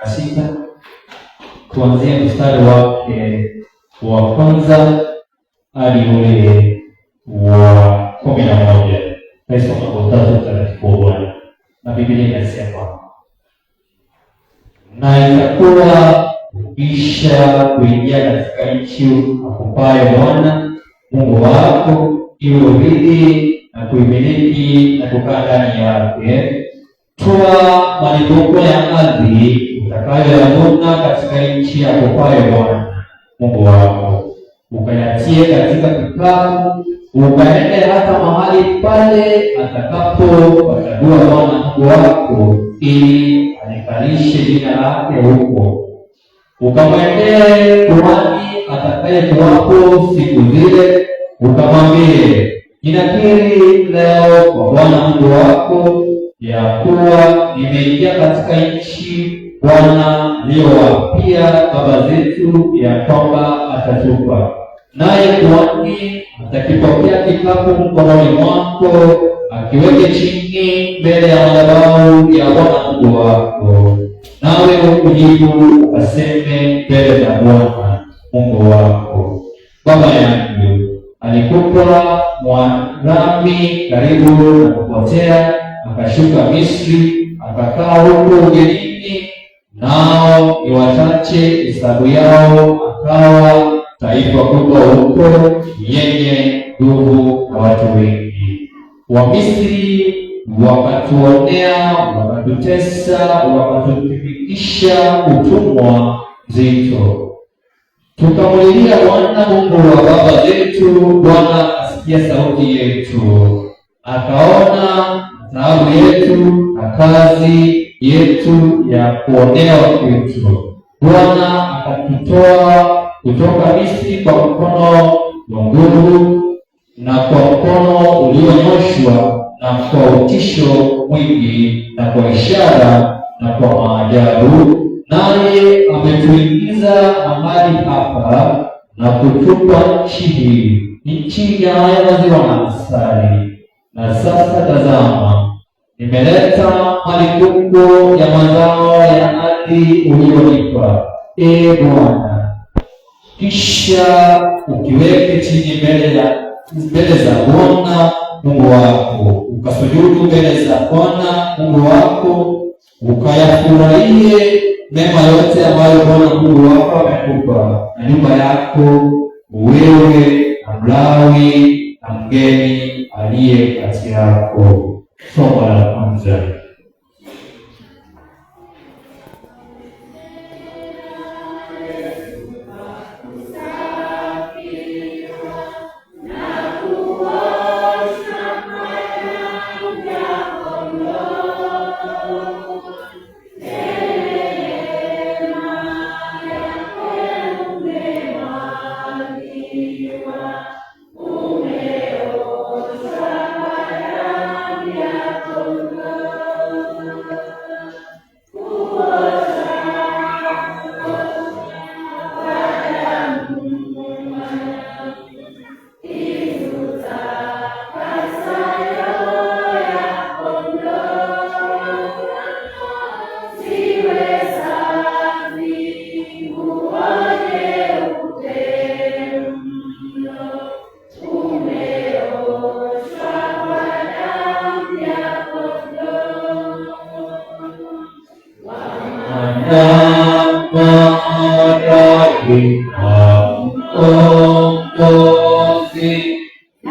na sita tuanzie mstari wake eh, wa kwanza hadi ule wa kumi na moja naisoma kwa Utatu wa Bwana, na Biblia inasema na itakuwa kisha kuingia katika nchi akupaye Bwana Mungu wako iwe urithi na kuimiliki na kukaa ndani yake toa malimbuko ya ardhi utakayoyavuna katika nchi ya kwayo Bwana Mungu wako, ukayatie katika kikapu, ukaende hata mahali pale atakapo atakapopachagua Bwana Mungu wako, ili alikalishe jina lake huko. Ukamwendee kuhani atakayekuwapo siku zile, ukamwambie, ninakiri leo kwa Bwana Mungu wako ya kuwa nimeingia katika nchi Bwana aliyowapia baba zetu, ya kwamba atatupa naye. Kuhani atakipokea kikapu mkononi mwako, akiweke chini mbele ya madhabahu ya Bwana Mungu wako, nawe ukujibu ukaseme mbele za Bwana Mungu wako, baba yangu alikupa mwanami karibu na kupotea akashuka Misri, akakaa huko ugenini, nao ni wachache hesabu yao, akawa taifa kubwa huko yenye nguvu na watu wengi. Wamisri wakatuonea, wakatutesa, wakatutumikisha utumwa mzito. Tukamlilia Bwana Mungu wa baba zetu. Bwana asikia sauti yetu, akaona taabu yetu na kazi yetu ya kuonea Wakristo. Bwana akatutoa kutoka Misri kwa mkono wa nguvu na kwa mkono ulionyoshwa na kwa utisho mwingi na kwa ishara na kwa maajabu, naye ametuingiza amani hapa na kutupa nchi hii, nchi ya maziwa na asali. Na sasa tazama nimeleta malimbuko ya mazao ya ardhi uliyonipa, e Bwana. Kisha ukiweke chini mbele ya mbele za Bwana Mungu wako, ukasujudu mbele za Bwana Mungu wako, ukayafurahie mema yote ambayo Bwana Mungu wako amekupa, na nyumba yako wewe na Mlawi na mgeni aliye kati yako. 做我了房子。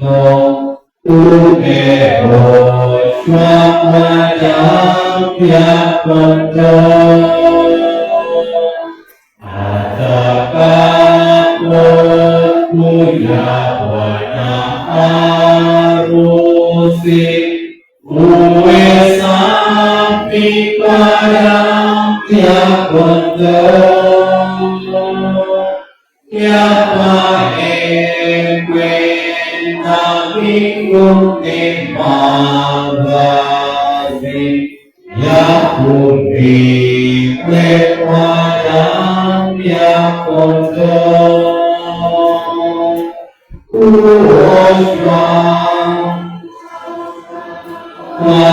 một tu đề hồi ma chám gia phân châu à tờ ca lô mùi là hồi na a ru si Uwe sampi padang tiap bentuk Tiap ni mavazi ya kuvikwa damu ya kondoo, kuoshwa kwa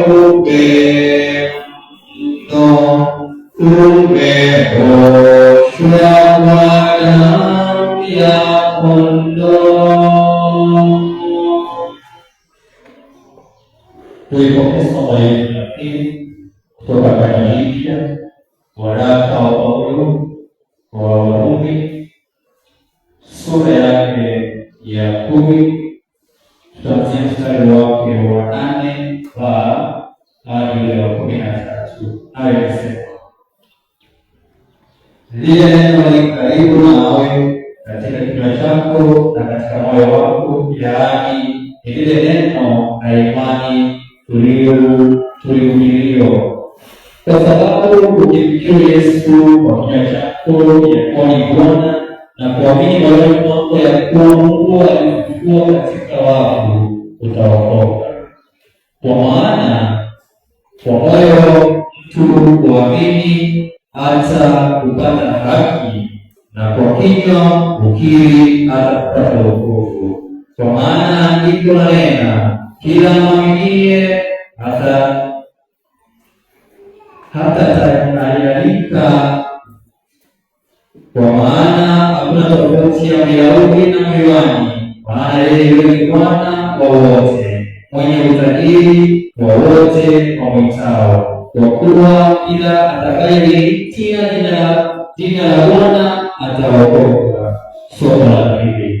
tuipokee somo letu lakini kutoka katika waraka wa Paulo wa Warumi sura yake ya kumi tutaanzia mstari wake wa nane ba hadi ule wa kumi na tatu hayo inasema lile neno li karibu nawe katika kinywa chako na katika moyo wako, yaani ni lile neno na imani tuliumilio kwa sababu ukimkiri Yesu kwa kinywa chako ya kuwa ni Bwana na kuamini moyoni mwako ya kuwa Mungu alimfufua katika wafu utaokoka. Kwa maana kwa moyo mtu kuamini hata kupata haki, na kwa kinywa ukiri hata kupata wokovu. Kwa maana iko nena, kila mwaminie hata hata alialika kwa maana hakuna tofauti ya Myahudi na Myunani, maana yeye yule ni Bwana wa wote, mwenye utajiri wa wote wamwitao, kwa kuwa kila atakayeliitia jina la Bwana ataokoka. Somo la pili.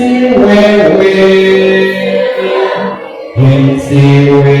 Jinsi wewe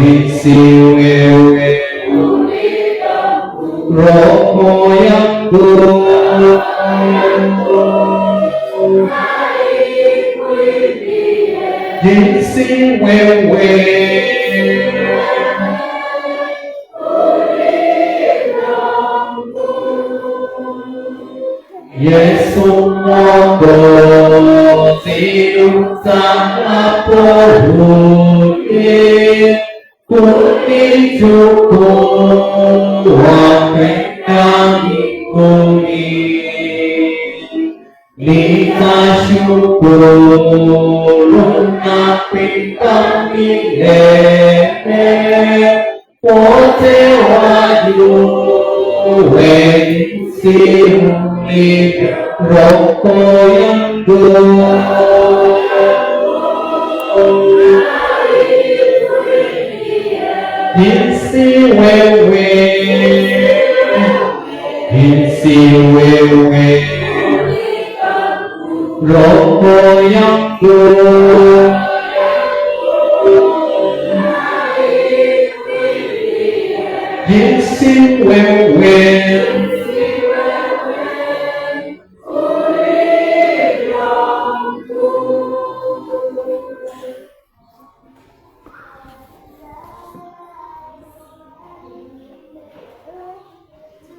isiwewe roho yangu jinsi wewe Yesu Mwokozi utakaporudi Corona pintamilete, poteva diuensi unita, roccoiando. Insi wewe, insi wewe, roccoiando. கோயம்பூர் Yes, it will, will.